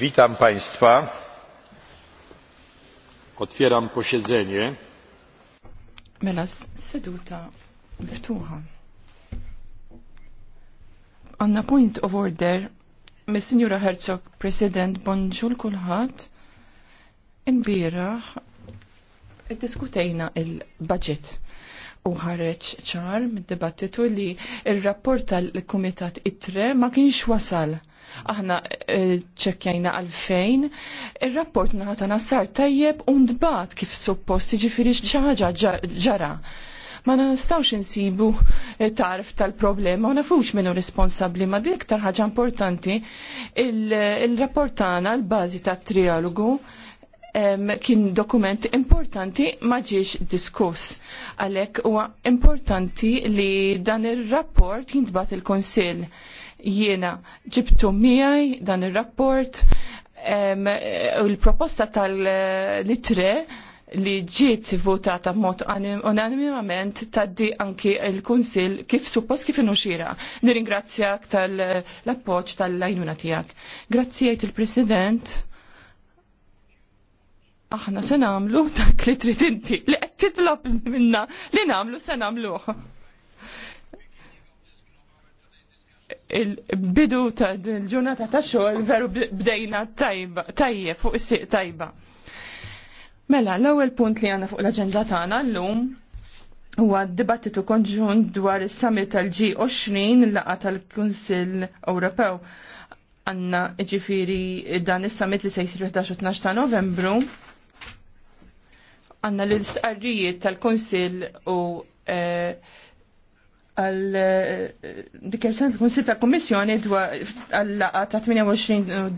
Witam Państwa. Otwieram posiedzenie. Mela seduta miftuħa. the point of order mis Signora Herzog, President, bonġur kulħadd. Inbiraħ diskutejna il-budget u ħareġ ċar mid debattitu li il-rapport tal-Kumitat ITRE ma kienx wasal Aħna eh, ċekkjajna għalfejn, il-rapport naħatana sar tajjeb undbat kif suppost ġifiri ċaġa ġara. Ma nistawx insibu eh, tarf tal-problema u nafux minnu responsabli ma dik ħaġa importanti il-rapportana l-bazi ta' trialogu kien dokument importanti ma ġiex diskuss. Għalek huwa importanti li dan ir rapport jintbat il-Konsil Jiena ġibtu miegħi dan ir-rapport u l-proposta tal-litre li ġiet votata b'mod unanimament taddi anki il-Kunsil kif suppost kif inhu xira. Nirringrazzjak tal-appoġġ tal-lajnuna tiegħek. Grazzi jgħid il-President. Aħna se nagħmlu dak li trid inti li qed titlob minna li nagħmlu se nagħmluh. il-bidu ta' il-ġurnata ta' xogħol veru bdejna tajba, tajjeb fuq is-siq tajba. Mela, l-ewwel punt li għandna fuq l-aġenda tagħna llum huwa d-dibattitu konġunt dwar is-summit tal-G20 laqa tal-Kunsill Ewropew. għandna ġifiri dan is-summit li se jsir 11-12 ta' Novembru. Għandna l-istqarrijiet tal-Kunsill u eh, għal eh, dikjerzjoni tal-Konsil tal-Kommissjoni għal ta' 28